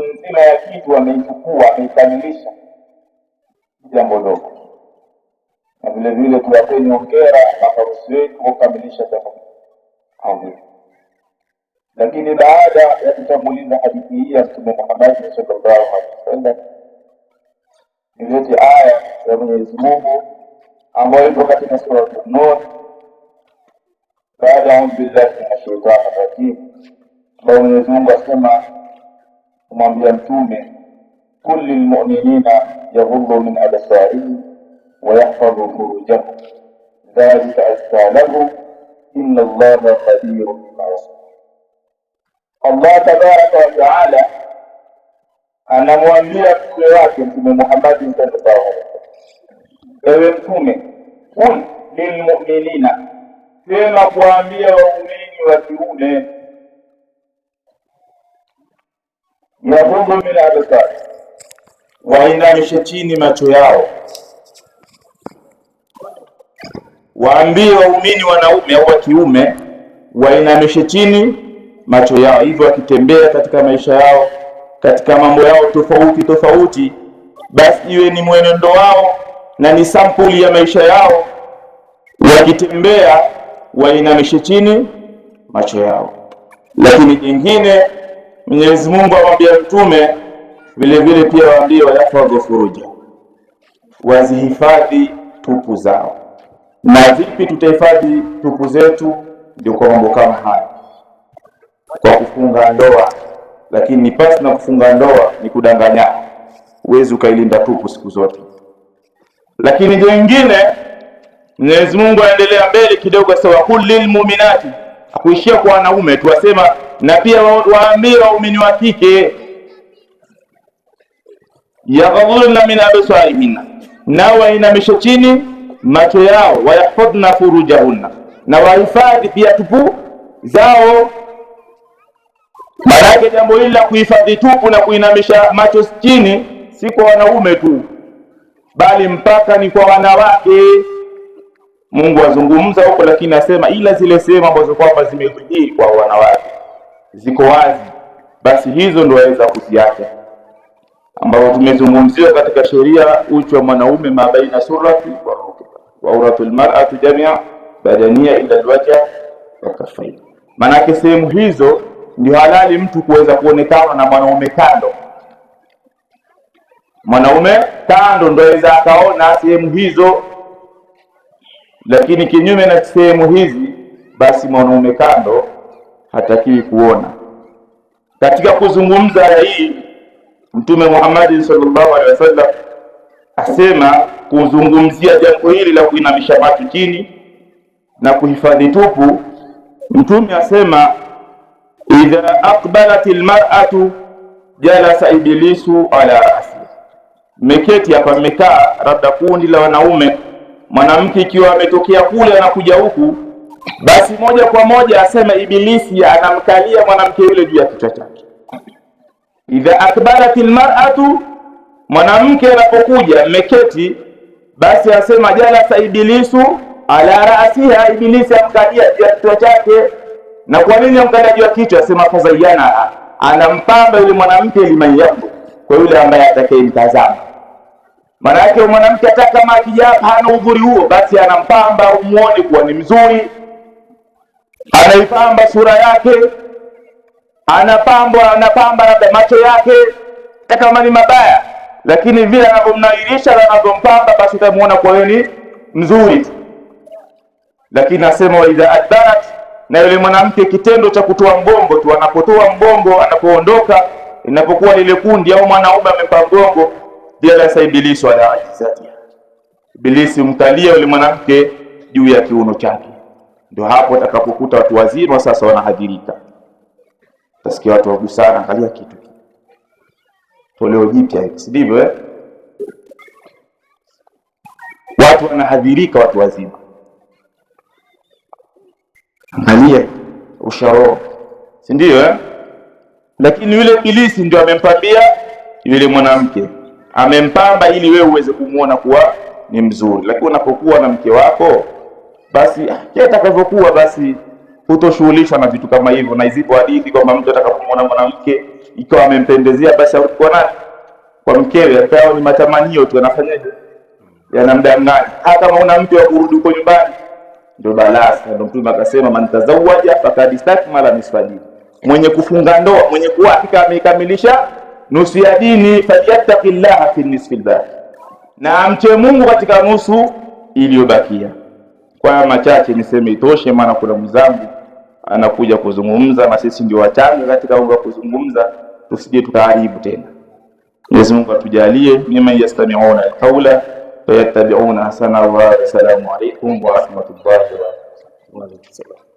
nzima ya kitu ameichukua, ameikamilisha, jambo dogo. Na vile vile tuwapeni hongera maharusi wetu kukamilisha jambo hili. Lakini baada ya kutanguliza hadithi hii ya Mtume Muhammad sallallahu alaihi wasallam, nilete aya ya Mwenyezi Mungu ambayo iko katika sura An-Nur, baada ya audhu billahi minash shaitani rajim, ambayo Mwenyezi Mungu asema kumwambia mtume kulli lmuminina yaghuddu min absarihim wayahfadhu furujahum dhalika azka lahum inna allaha qadirun bima yasnun. Allah tabaraka wa taala anamwambia mtume wake Mtume Muhammadi sallallahu alaihi wasallam, ewe mtume, kul lilmuminina, sema kuwaambia waumini wa kiume yavumbu min absar, wainamishe chini macho yao. Waambie waumini wanaume au wa kiume wainamishe chini macho yao, hivyo wakitembea katika maisha yao, katika mambo yao tofauti tofauti, basi iwe ni mwenendo wao na ni sampuli ya maisha yao. Wakitembea wainamishe chini macho yao. Lakini jingine Mwenyezi Mungu amwambia Mtume vilevile pia waambie wayafadhu furuja, wazihifadhi tupu zao. Na vipi tutahifadhi tupu zetu? Ndio kwa mambo kama haya, kwa kufunga ndoa. Lakini ni pasi na kufunga ndoa ni kudanganya, huwezi ukailinda tupu siku zote. Lakini jengine, Mwenyezi Mungu aendelea mbele kidogo, sawa kulil muminati, akuishia kwa wanaume tu, asema na pia waambie waumini wa kike yaghdhurna min absarihinna, nao wainamishe chini macho yao, wayahfadhna furujahunna, na wahifadhi pia tupu zao. Maanake jambo hili la kuhifadhi tupu na kuinamisha macho chini si kwa wanaume tu, bali mpaka ni kwa wanawake. Mungu azungumza huko, lakini asema ila zile sehemu ambazo kwamba zimejii kwa wanawake ziko wazi, basi hizo ndo waweza kuziacha, ambapo tumezungumzia katika sheria uchi wa mwanaume mabaina surati wa uratu almar'atu jamia badania ila alwajh wa kaffayn. Maanake sehemu hizo ndio halali mtu kuweza kuonekana na mwanaume kando, mwanaume kando ndo aweza akaona sehemu hizo, lakini kinyume na sehemu hizi, basi mwanaume kando hatakiwi kuona. Katika kuzungumza aya hii, Mtume Muhammad sallallahu alaihi wasallam asema kuzungumzia jambo hili la kuinamisha macho chini na kuhifadhi tupu. Mtume asema idha aqbalatil mar'atu jalasa iblisu ala rasi. meketi hapa, mmekaa labda kundi la wanaume, mwanamke ikiwa ametokea kule anakuja huku basi moja kwa moja asema Ibilisi anamkalia mwanamke yule juu ya kichwa chake. Idha akbarat almar'atu, mwanamke anapokuja mmeketi, basi asema jalasa ibilisu ala rasiha, Ibilisi amkalia juu ya kichwa chake. Na kwa nini amkalia juu ya kichwa? Asema fazayana, anampamba yule mwanamke limanyangu, kwa yule ambaye atakayemtazama maana yake mwanamke hata kama akija hana udhuri huo, basi anampamba umuone kuwa ni mzuri anaipamba sura yake, anapambwa anapamba labda macho yake, hata kama ni mabaya, lakini vile anavyomnairisha na anavyompamba, basi utamuona kwa yeye ni mzuri Lakini nasema wa idha adbarat, na yule mwanamke kitendo cha kutoa mgongo tu, anapotoa mgongo, anapoondoka, inapokuwa lile kundi au mwanaume amempa mgongo, la saibilisi wala ajizati, ibilisi mtalia yule mwanamke juu ya kiuno chake ndio hapo atakapokuta watu wazima sasa wanahadhirika, utasikia watu wagusana, angalia kitu toleo jipya hivi, si ndivyo eh? Watu wanahadhirika, watu wazima, angalia usharo, si ndio eh? Lakini yule ilisi ndio amempambia yule mwanamke, amempamba ili wewe uweze kumwona kuwa ni mzuri, lakini unapokuwa na mke wako basi kile atakavyokuwa basi hutoshughulishwa na vitu kama hivyo, na izipo hadithi kwamba mtu atakapomwona mwanamke ikiwa amempendezea, basi kwa nani? Kwa mkewe, akawa ni matamanio tu, anafanyaje? Yanamdanganya. Hata kama una mke wa kurudi huko nyumbani, ndio balaa. Ndio Mtume akasema, man tazawaja faqad istakmala nisfa dini, mwenye kufunga ndoa, mwenye kuwa amekamilisha nusu ya dini. Falyattaqillaha fi nisfi albaqi, na amche Mungu katika nusu iliyobakia. Kwa machache niseme itoshe, maana kuna mzangu anakuja kuzungumza na sisi ndio wachanga katika unga kuzungumza, tusije tukaharibu tena. Mwenyezi Mungu atujalie mimman yastami'una alqaula fayattabi'una ahsana. Wa salamu alaykum wa rahmatullahi wa barakatuh.